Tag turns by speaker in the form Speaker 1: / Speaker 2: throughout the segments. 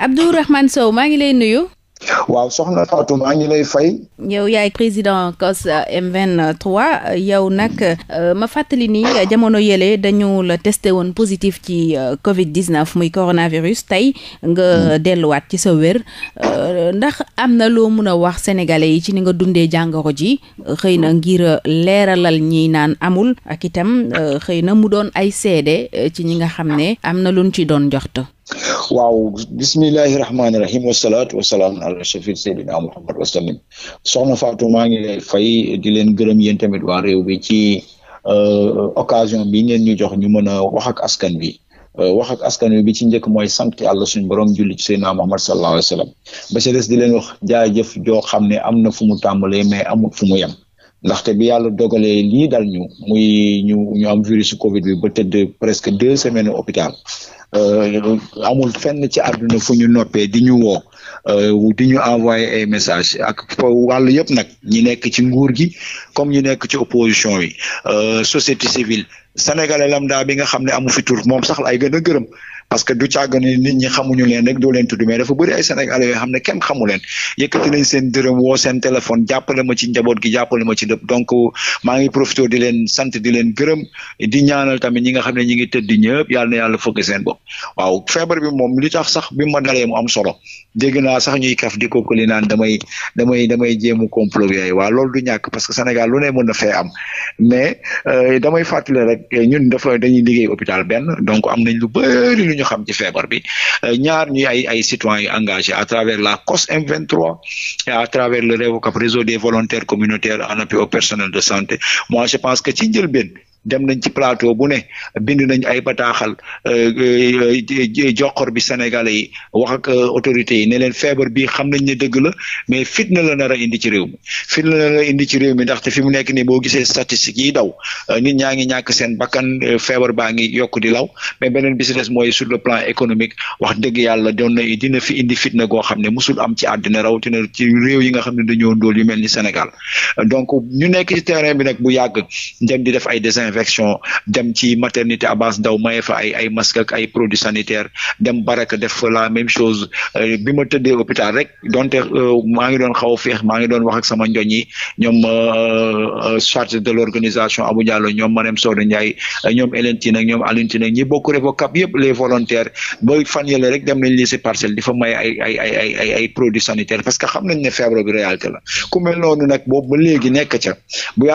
Speaker 1: Abdourahmane Sow maa ngi lay nuyu.
Speaker 2: waaw soxna Fatou maa ngi lay fay.
Speaker 1: yow yaay président COS M23 yow nag euh, ma fàttali ni euh, jamono yéle dañu la testé woon positif ci euh, Covid 19 muy coronavirus tey nga mm. delluwaat ci sa wér ndax am na loo mun a wax sénégalais yi ci ni nga dundee jàngoro ji xëy na ngir leeralal ñi naan amul ak itam xëy na mu doon ay seede ci ñi nga xam ne am na luñ ci doon joxta
Speaker 2: waaw bismillahi rahmaani rahim wasalaatu wasalaam ala shafir seydina muhammad wasalim soxna Fatou maa ngi lay fay di leen gërëm yéen tamit waa réew bi ci euh, occasion bi ngeen ñu jox ñu mën a wax ak askan bi euh, wax ak askan wi bi ci njëkk mooy sant yàlla suñu borom julli ci seydina muhammad sallallahu alayhi wa sallam ba des di leen wax jaajëf joo xam ne am na fu mu tàmbalee mais amul fu mu yem ndaxte bi yàlla dogalee lii dal ñu muy ñu ñu am virus Covid bi ba tëdd presque deux semaines hôpital euh, amul fenn ci àdduna fu ñu noppee di ñu woo euh, di ñu envoyé ay message ak wàll yëpp nag ñi nekk ci nguur gi comme ñi nekk ci opposition bi euh, société civile sénégalais lambda bi nga xam ne amu fi tur moom sax ay gën a gërëm parce que du càgg ni nit ñi xamuñu leen rek doo leen tudd mais dafa bëri ay sénégalais yoo xam ne kenn xamu leen yëkkati seen dërëm woo seen téléphone jàppale gi jàppale ma di leen sant di leen gërëm di ñaanal tamit ñi nga xam ne ñi ngi tëdd ñëpp yàlla na yàlla fokk seen bopp waaw feebar bi moom li tax sax bi ma dalee mu am solo dégg naa sax ñuy kaf di ko li naan damay damay damay jéemu complot yooyu waaw loolu du ñàkk parce que Sénégal lu ne mën na fee am mais euh, damay fàttali rek ñun dafa dañuy liggéey hôpital benn ñu xam ci feebar bi euh, ñaar ñuy ay ay citoyens engagé à travers la COS M23 et à travers le REVOCAP réseau des volontaires communautaires en appui personnel de santé moi je pense que ci ben dem nañ ci plateau bu ne bind nañ ay bataaxal euh, euh, joxor bi sénégalais yi wax ak euh, autorités yi ne leen feebar bi xam nañ ne dëgg la mais fitna la nar indi ci réew mi la indi ci réew mi ndaxte fi mu nekk nii boo gisee statistiques yi daw ñaa ngi ñàkk seen bakkan feebar baa ngi yokk di law mais beneen bi si mooy sur plan économique wax dëgg yàlla doon na dina fi indi fitna goo xam ne musul am ci àddina rawatina ci réew yi nga xam ne dañoo ndóol yu mel ni Sénégal donc ñu nekk ci bi nag bu yàgg dem def ay dessin infection dem ci maternité Abass Ndao maye fa ay ay masque ak ay produits sanitaires dem baraka def fa la même chose euh, bi ma hôpital rek donte euh, maa ngi doon xaw a féex maa ngi doon wax ak sama njoñ yi ñoom euh, chargé de l'organisation Abou Diallo ñoom Marème Soda Ndiaye ñoom Hélène Tine ñoom Aline Tine ñi bokk Revocap yëpp les volontaires ba fan yële rek dem nañ lycée Parcelles di fa may ay ay ay ay ay produits parce que xam nañ ne feebar bi la ku mel noonu nag boobu ba léegi nekk bu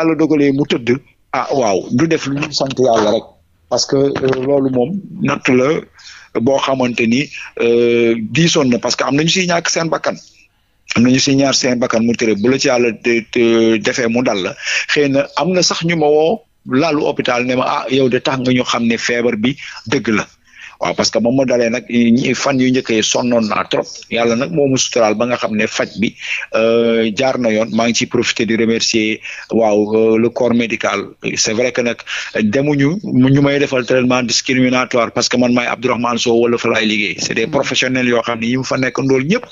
Speaker 2: ah waaw du def lu ñu sant yàlla rek parce que euh, loolu moom natt la boo xamante ni euh, diisoon na parce que am nañu siy ñàkk seen bakkan am nañu si ñaar seen bakkan mu tere bu la ci yàlla defee mu dal la xëy na am na sax ñu ma woo laalu hôpital ne ma ah yow de tax nga ñu xam ne feebar bi dëgg la waaw parce que moom ma dalee nag fan yu njëkkee sonnoon naa trop yàlla nag moomu suturaal ba nga xam ne faj bi euh, jaar na yoon maa ngi ciy profité di remercier waaw euh, le corps médical c'est vrai que nag demuñu ñu may defal traitement discriminatoire parce que man maay Abdourahmane Sow wala fa laay c'est des mm. professionnels yoo xam ne yi fa nekk ndool ñëpp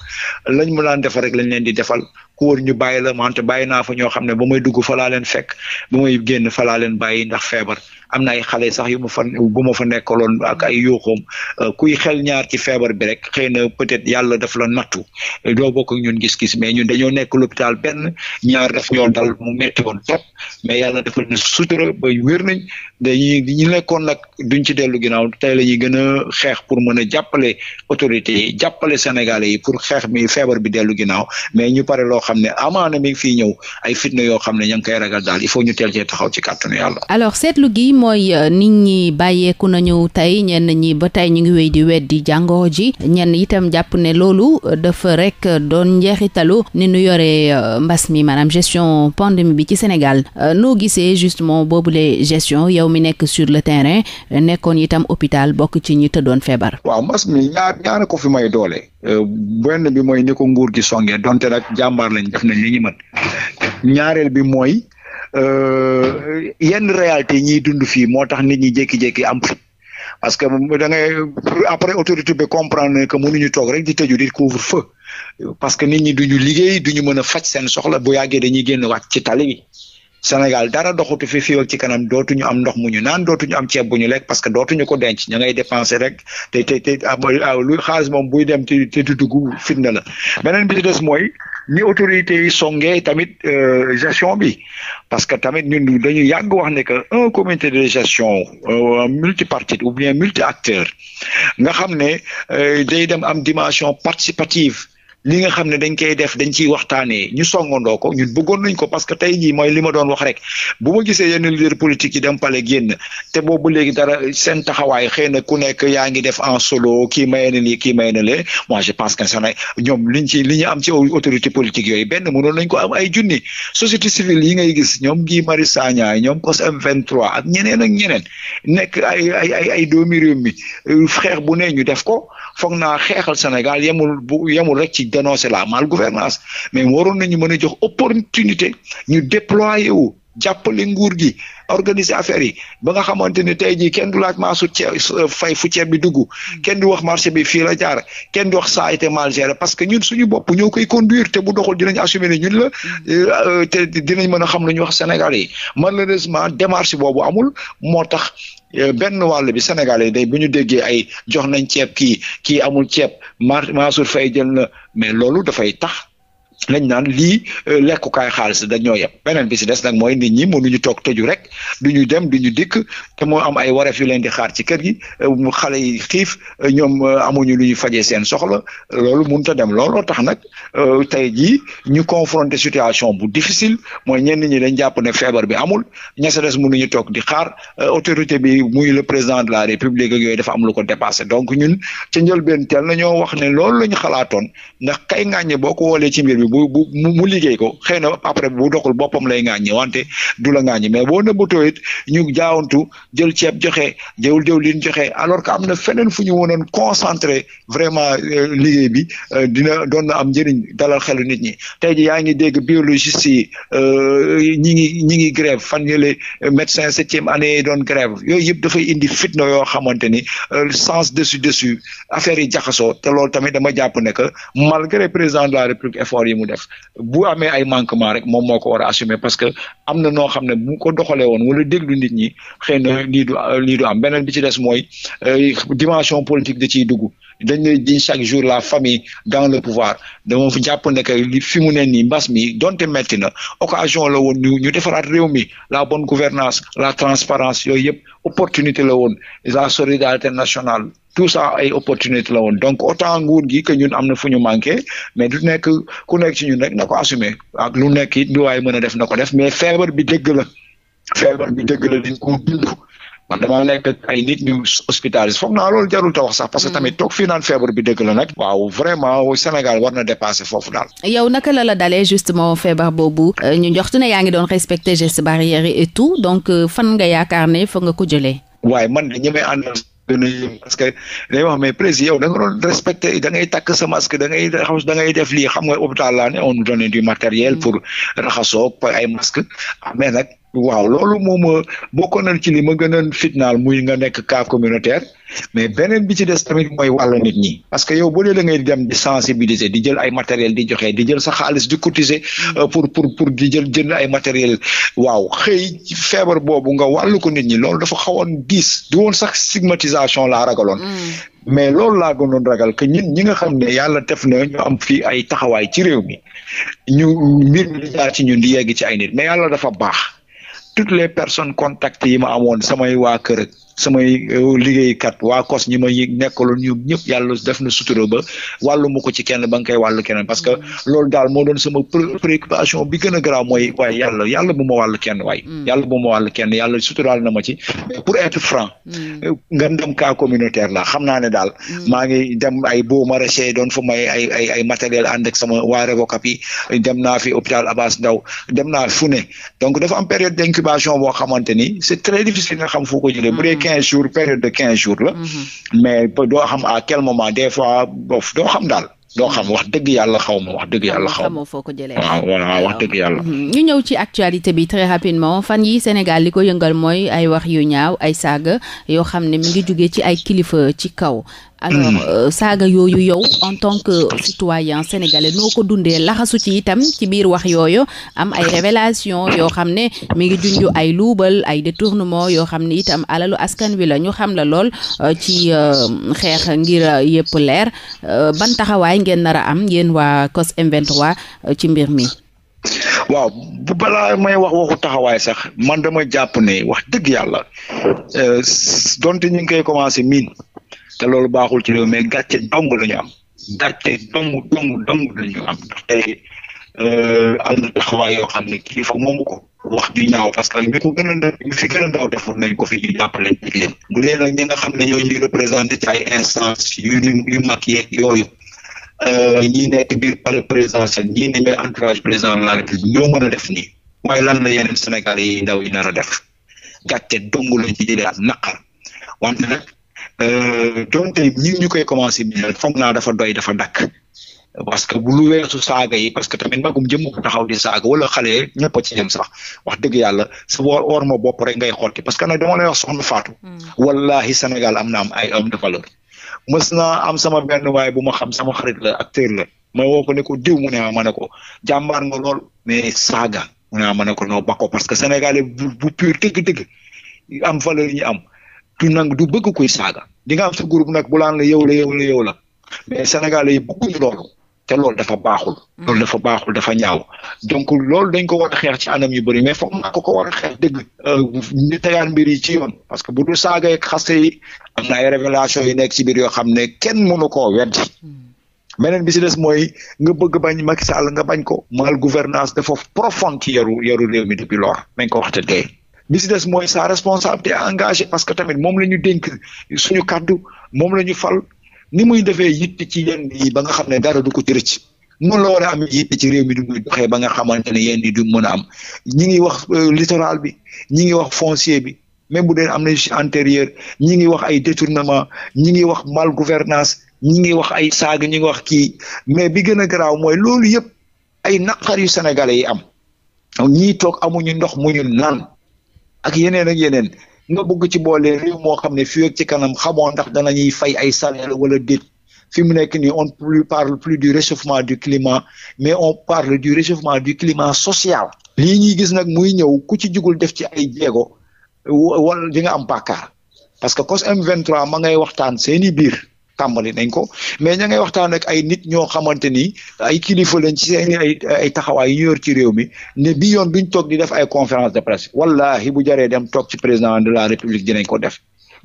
Speaker 2: lañ mu daan defal rek lañ leen di defal ku wër ñu bàyyi la mante bàyyi naa fa ñoo xam ne ba may dugg fa laa leen fekk ba may génn fa laa leen bàyyi ndax feebar am na ay xale sax yu ma fa bu ma fa nekkaloon ak ay yuuxoom euh, kuy xel ñaar ci feebar bi rek xëy na peut-être yàlla daf la nattu doo bokk ak ñun gis-gis mais ñun dañoo nekk l'hôpital benn ñaar daf ñoo dal mu metti woon trop mais yàlla dafa ne sutura ba wér nañ dañuy ñu nekkoon nag duñ ci dellu ginnaaw tey la ñuy gën a xeex pour mën a jàppale autorité yi jàppale sénégalais yi pour xeex mi feebar bi dellu ginnaaw xam ne amaana mi ngi fiy ñëw ay fitna yoo xam ne ña ngi koy ragal daal il faut ñu teel cee taxaw ci kàttanu yàlla.
Speaker 1: alors seetlu gi mooy euh, nit ñi bàyyeeku nañu tey ñenn ñi ba tey ñu ngi wéy di weddi jàngoro ji ñenn itam jàpp ne loolu euh, dafa rek euh, doon njeexitalu ni nu yore mbas mi maanaam gestion pandémie bi ci Sénégal noo gisee justement boobule gestion yow mi nekk sur le terrain nekkoon itam hôpital bokk ci ñi tëddoon feebar.
Speaker 2: waaw mbas mi ñaar ñaar ko fi may Euh, benn bi mooy ni ko nguur gi songee donte nag jàmbaar lañ def nañ li ñu ñaareel bi mooy euh, yenn réalité ñiy dund fii moo tax nit ñi jékki-jékki am fit parce que da ngay après autorité bi comprendre ne que mënuñu toog rek di tëju di couvre-feu parce que nit ñi duñu liggéey duñu mën a faj seen soxla bu yàggee dañuy génn wàcc ci tali bi Sénégal dara doxatu fi fii ci kanam dootuñu am ndox mu ñu naan dootuñu am ceeb bu ñu lekk parce que dootuñu ko denc ña ngay dépenser rek te te te ah, ah, lu xaalis moom buy dem te te du dugg fitna la beneen bi ci des mooy ni autorités yi songee tamit euh, gestion bi parce que tamit ñun dañu yàgg wax ne que un comité de gestion euh, multipartite ou bien multi acteur nga xam ne euh, day dem am dimension participative. li nga xam ne dañ koy def dañ ciy waxtaanee ñu songandoo ko ñun bëggoon nañ ko parce que tey jii mooy li ma doon wax rek bu ma gisee yenn leader politique yi dem pale génn te boobu léegi dara seen taxawaay xëy na ku nekk yaa ngi def en solo kii maye na lii kii maye na lee moi je pense que sax ñoom liñ ci li ñu am ci autorité politique yooyu benn mënoon nañ ko am ay junni société civile yi ngay gis ñoom Guy Marius Sagna ñoom COS M23 ak ñeneen ak ñeneen nek ay ay ay doomi mi xeex euh, bu ne ñu def ko foog naa xeexal Sénégal yemul bu yemul rek ci dénoncer la mal malgouvernance mais waroon nañu mën a jox opportunité ñu déployer wu jàppale nguur gi organiser affaire yi ba nga xamante ni tey jii kenn du laaj maasu ceeb euh, fay fu ceeb bi dugg kenn du wax marché bi fii la jaar kenn du wax ça a été parce que ñun suñu bopp ñoo koy conduire te bu doxul dinañ assumer ne ñun la euh, euh, te dinañ mën a xam lu ñuy wax Sénégal yi malheureusement démarche boobu amul moo tax benn wàll bi Sénégalais day bu ñu déggee ay jox nañ ceeb kii kii amul ceeb Mansour Faye jël na mais loolu dafay tax. lañ naan lii euh, lekkukaay xaalis dañoo yem peneen bi si des nag mooy nit ñi moo ñu toog tëju rek du ñu dem du ñu dikk te moo am ay wareef yu leen di xaar ci kër gi euh, xale yi xiif euh, ñoom amuñu lu ñu fajee seen soxla loolu mënut a dem lool tax nag tey jii ñu confronté situation bu difficile mooy ñenn ñi dañ jàpp ne feebar bi amul ña sa des ñu toog di xaar autorité bi muy le président de la république ak yooyu dafa am lu ko dépassé donc ñun ca njëlbeen teel ñoo wax ne loolu la ñu xalaatoon ndax kay ngàññe boo ko woolee ci mbir bi bu bu mu liggéey ko xëy na après bu doxul boppam lay ŋaaññi wante du la ŋaaññi mais boo nëbbatoo it ñu jaawantu jël ceeb joxe jël diwlin joxe alors que am na feneen fu ñu wonoon concentré vraiment euh, liggéey bi euh, dina doon am njëriñ dalal xelu nit ñi tey ji yaa ngi dégg biologiste yi euh, ñi ngi ñi ngi grève fan yële médecin septième année yi doon grève yooyu yëpp dafay indi fitna yoo xamante ni sens dessus dessus affaire yi te loolu tamit dama jàpp malgré président de la république mu def bu amee ay manquement rek moom moo ko war a assumer parce que am na noo xam ne bu ko doxalee woon wala déglu nit ñi xëy na lii du lii du am bi ci des mooy euh, dimension politique da ciy dugg dañ lay di chaque jour la famille dans le pouvoir dama jàpp ne que li fi mu ne nii mbas mi donte metti na occasion la woon ñu ñu defaraat réew mi la bonne gouvernance la transparence yooyu yëpp opportunité la woon la solidarité nationale tout ça ay opportunité la woon donc autant nguur gi que ñun am na fu ñu manqué mais du nekk ku nekk ci ñun rek na ko assumé ak lu nekk it lu waaye mën a def na ko def mais feebar bi dëgg la feebar bi dëgg la dañ ko bind man damaa nekk ay nit ñu hospitalisé foog naa lool jarul te wax sax parce que mm. tamit toog fii naan feebar bi dëgg la nag. waaw vraiment Sénégal war na dépasser foofu daal.
Speaker 1: yow naka la la dalee justement feebar boobu euh, ñu njoxtu ne yaa ngi doon respecter gestes barrières et tout donc euh, fan nga yaakaar ne fa nga ko jëlee.
Speaker 2: waaye man de ñi may gën parce que day wax mais président yow da nga doon respecté da ngay takk sa masque da ngay da ngay def lii xam nga hôpital laa ne on nous donne du matériel mm. pour raxasoo ay masque mais nag ¿eh? waaw loolu moom euh, bokkoon na ci li ma gën a fitnaal muy nga nekk ka communautaire mais beneen bi ci des tamit mooy wàll nit ñi parce que yow boo dee da ngay dem di sensibiliser di jël ay matériel di joxe di jël sax xaalis di cotiser euh, pour pour pour di jël jënd ay matériel waaw xëy feebar boobu nga wàllu ko nit ñi loolu dafa xawoon diis di woon sax stigmatisation laa ragaloon. Mm. mais loolu laa gënoon ragal que ñun ñi nga xam ne yàlla def na ñu am fii ay taxawaay ci réew mi ñu mbir mi di jaar ci ñun di yegg ci ay nit mais yàlla dafa baax. toutes les personnes contacts yi ma amoon samay waa kër samay euh, liggéeykat waa kos ñi ma nekkaloon ñu ñëpp yàlla def na sutura ba wàllu mu ci kenn ba nga koy wàllu parce que mm. loolu daal moo doon sama préoccupation bi gën a mooy waaye yàlla yàlla bu ma wàllu kenn waaye mm. yàlla bu ma wàllu na ma mm. pour être franc euh, nga dem cas communautaire la xam naa ne daal maa ngi dem ay boo maraîcher doon fa may ay ay ay matériel ànd ak sama waa Revocap yi dem naa fi hôpital Abass Ndao dem naa fu ne donc dafa am période d'incubation boo xam quinze jours période de quinze jours la. Mhm. mais do xam à quel moment des fois bof doo xam daal. doo xam wax dëgg yàlla xaw ma wax dëgg yàlla. xaw ma foo ko jëlee waaw ah, waaw wax dëgg yàlla.
Speaker 1: Mhm. ñu ñëw ci actualité bi très rapidement fan yi Sénégal li ko yëngal mooy ay wax yu ñaaw ay saaga yoo xam ne mi ngi jugee ci ay kilifa ci kaw alors mm. euh, saaga yooyu yow en tant que citoyen sénégalais noo ko dundee laxasu ci itam ci biir wax yooyu am ay révélation yoo xam ne mi ngi junju ay luubal ay détournement yoo xam ne itam alalu askan wi la ñu xam la lool euh, ci euh, xeex ngir yëpp leer ban taxawaay ngeen nar a am yéen waa COS M23 ci mbir mi
Speaker 2: waaw bu may wax waxu taxawaay sax man dama jàpp ne wax dëgg yàlla donte ñu ngi koy commencé miin te loolu baaxul ci réew mais gàcce dong la ñu am gàcce dong dong dong la ñu am ndaxte euh, am na taxawaay yoo xam ne moom u ko wax ju ñaaw parce que ñu ko gën a ñu fi gën a ndaw defoon nañ ko fi ñu jàppale ak yéen bu leen nga xam ne ñooy ñuy représenté ci ay instance yu yu mag yeeg yooyu euh, ñi nekk biir palais présidentiel ñii ne ñooy entourage président de la république ñoo mën a def nii waaye lan la yeneen Sénégal yi ndaw yi nar a def gàcce dong lañ ci jëlee ak naqar wante nag Euh, donte ñi ñu koy commencé bindal foog naa dafa doy dafa dakk parce que bu lu weesu saaga yi parce que tamit magum jëm taxaw di saaga wala xale ñëpp ci yem sax wax dëgg yàlla sa war war ma bopp rek ngay xotti parce que nag dama lay wax soxna Fatou. Hmm. wallahi Sénégal am na am ay homme de valeur. am sama benn waaye bu ma xam sama xarit la acteur la ma woo ko ne ko diw mu ne ma ne ko jàmbaar nga lool mais saaga mu ne ma ne ko noo ba parce que sénégalais bu bu pur dëgg-dëgg am valeur yi ñu am. du nangu du bëgg kuy saaga di nga am sa groupe nag bu laan la yow la yow la yow la mais sénégalais yi bëgguñu loolu te loolu dafa baaxul mm. loolu dafa baaxul dafa ñaaw donc loolu dañ ko war xeex ci anam yu bëri mais foog naa ko ko war a xeex dëgg euh, ñu tegaan ci yoon parce que bu dul saaga ak xaste yi am na ay révélation yi nekk ci biir yoo xam ne kenn mënu koo weddi meneen mm. bi si des mooy nga bëgg bañ Macky Sall nga bañ ko mal gouvernance dafa profonde ci yaru yaru réew mi depuis lors nañ ko waxte dee bi si des mooy sa responsabilité parce que tamit moom la ñu dénk suñu kàddu moom la ñu fal ni muy defee yitt ci yenn yi ba nga xam ne dara du ko ci rëcc noonu la a am yitt réew mi du muy doxee ba nga xamante ne yenn yi du mën a am ñi ngi wax euh, littoral bi ñi ngi wax foncier bi même bu dee am nañu si antérieur ñi ngi wax ay détournement ñi ngi wax mal gouvernance ñi ngi wax ay saaga ñi ngi wax kii mais bi gën a garaaw mooy loolu yëpp ay naqar yu sénégalais yi am ñii toog amuñu ndox muñu naan ak yeneen ak yeneen nga bëgg ci boole réew moo xam ne fii ak ci kanam xamoo ndax danañuy fay ay salaire wala déet fi mu nekk nii on ne parle plus du réchauffement du climat mais on parle du réchauffement du climat social. lii ñuy gis nag muy ñëw ku ci jugul def ci ay jéego wala di nga am bàkkaar parce que COS M23 ma ngay waxtaan seeni biir. tàmbali nañ ko mais ña ngay waxtaan ak ay nit ñoo xamante ni ay kilifa lañ ci seen ay ay taxawaay yu yor ci réew mi ne bi yoon duñ toog di def ay conférence de presse wallahi bu jaree dem toog ci président de la république dinañ ko def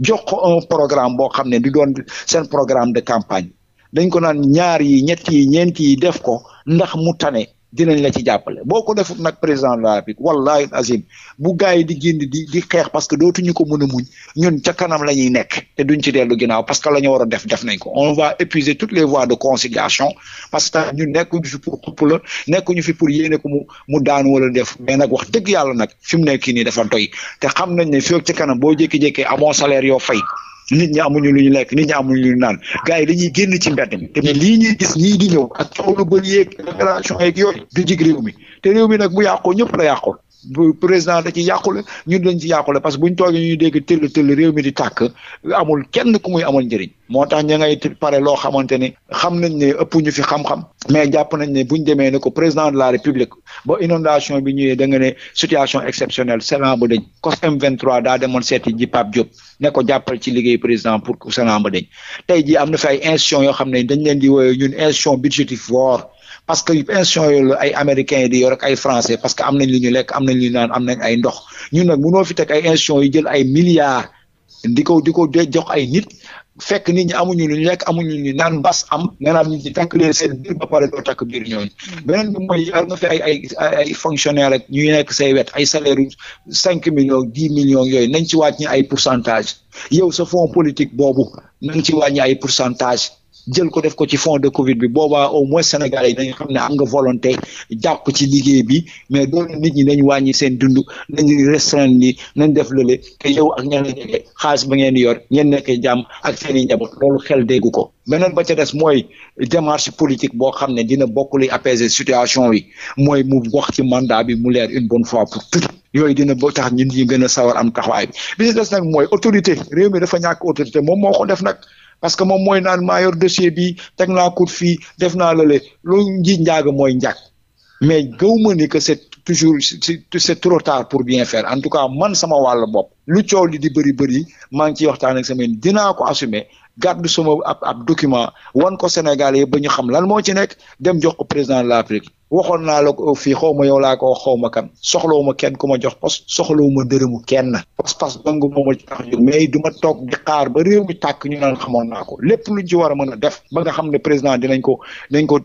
Speaker 2: jox ko un programme boo xam ne du doon seen programme de campagne dañ ko naan ñaar yi ñett yi ñeent yi def ko ndax mu tane dinañ la ci jàppale boo ko defut nag président de la République wallahi azim bu gars yi di génn di di xeex parce que dootuñu ko mën a muñ ñun ca kanam la ñuy nekk te duñ ci dellu ginnaaw parce que la ñu war a def def nañ ko on va épuiser toutes les voies de conciliation parce que ñun nekkuñu fi pour nekkuñu fi pour yéene ko mu mu daan wala def mais nag wax dëgg yàlla nag fi mu nekk nii dafa doy te xam nañ ne fii ci kanam boo jékki-jékkee amoo salaire yoo fay nit ñi amuñu lu ñu lekk nit ñi amuñu naan gars yi dañuy génn ci mbedd mi te lii ñuy gis ñii di ñëw ak coow lu bëri yeeg révélation yeeg yooyu jig réew mi te réew mi nag mu yàqoo ñëpp la yàqoon président da ci yàqule ñun dañ ci yàqule parce que bu ñu toogee ñu dégg tëll tëll réew mi di tàkk amul kenn ku muy amal njëriñ moo tax ña ngay pare loo xamante ni xam nañ ne ëpp ñu fi xam-xam mais jàpp nañ ne bu ñu demee ne ko président de la république ba inondation bi ñëwee da nga ne situation exceptionnelle Sénat ba dañ COS M23 daa demoon seeti ji Pape Diop ne ko jàppal ci liggéey président pour que Sénat ba dañ tey ji am na fi ay institutions yoo xam ne dañ leen di woowee ñun institution budgétivore parce que institution yooyu ay américains yi di yor ak ay français parce que am nañ li ñu lekk am nañ li ñu naan am nañ ay ndox ñun nag mënoo fi teg ay institutions yi jël ay milliards di ko di ko jox ay nit fekk ni ñi amuñu lu ñu lekk amuñu lu ñu naan mbas am nga naan nit ñi takk leen seen biir ba pare doo takk biir ñooñu hmm. beneen mooy yar nga fi ay fonctionnaire rek ñuy nekk say wet ay salaire yu cinq millions dix millions yooyu nañ ci wàññi ay pourcentage yow sa fonds politique boobu nañ ci wàññi ay pourcentage jël ko def ko ci fond de Covid bi boobaa au moins Sénégalais yi dañu xam ne am nga volonté jàpp ci liggéey bi mais doon nit ñi dañu wàññi seen dund nañu restreindre ni nañ def lële te yow ak ñeneen xaalis ba ngeen di yor ngeen nekk jàmm ak seen i loolu xel déggu ko. beneen ba ca des mooy démarche politique boo xam ne dina bokk luy apaiser situation yi mooy mu wax ci mandat bi mu leer une bonne fois pour toutes yooyu dina ba tax ñun ñu gën a sawar am taxawaay bi bi des nag mooy autorité réew dafa ñàkk autorité moom moo ko def nag. parce que moom mooy naan maa yor dossier bi teg naa kur fii def naa lale loolu nji njaaga mooy njag mais gëwuma ni que c'est toujours c'est trop tard pour bien faire en tout cas man sama wàll bopp lu coow li di bëri bëri maa ngi ciy waxtaan ak sama dinaa ko assumer gàdd sama ab ab document wan ko Sénégalais ba ñu xam lan moo ci nekk dem jox ko président de l'Afrique waxoon naa la ko fii xaw ma yow laa ko xaw ma kan soxlawu ma kenn ku ma jox poste soxlawu ma dërëmu kenn pas-pas dong moo ma ci tax mais du ma toog di xaar ba réew mi tàkk ñu naan xamoon naa ko lépp luñ ci war a mën a def ba nga xam ne président dinañ ko nañ ko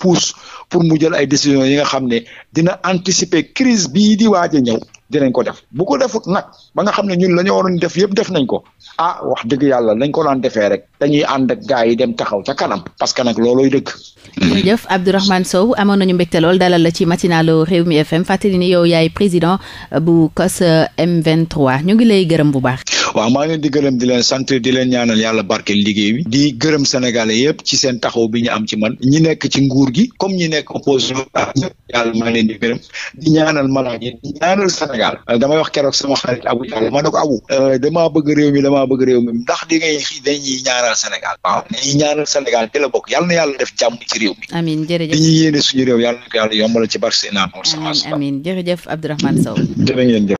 Speaker 2: pousse pour mu jël ay décisions yi nga xam ne dina anticiper crise bii di waaj a ñëw nañ ko def bu ko defut nag ba nga xam ne ñun la ñu waroon def yëpp def nañ ko ah wax dëgg yàlla lañ ko daan defee rek dañuy ànd ak gaa yi dem taxaw ca kanam parce que nag loolooy dëgg.
Speaker 1: jërëjëf Abdourahmane Sow amoon nañu mbégte lool dalal la ci matinalu Rewmi FM fàttali ni yow yaay président bu COS M23 ñu ngi lay gërëm bu baax.
Speaker 2: waaw maa ngi di gërëm di leen sant di leen ñaanal yàlla barkeel liggéey bi di gërëm sénégalais yëpp ci seen taxaw bi ñu am ci man ñi nekk ci nguur gi comme ñi nekk opposition yàlla maa ngi leen di gërëm di ñaanal malade yi di ñaanal Sénégal euh, damay wax keroog sama xarit Abou Diallo ma ne ko Abou euh, damaa bëgg réew mi damaa bëgg réew mi ndax di ngay xii dañuy ñaanal Sénégal waaw dañuy ñaanal Sénégal la bokk yàlla na yàlla def jàmm ci réew mi
Speaker 1: amiin jërëjëf dañuy
Speaker 2: yéene suñu réew yàlla na ko yàlla yombal ci barke Seydina Muhammad
Speaker 1: amiin jërëjëf Abdourahmane
Speaker 2: Sow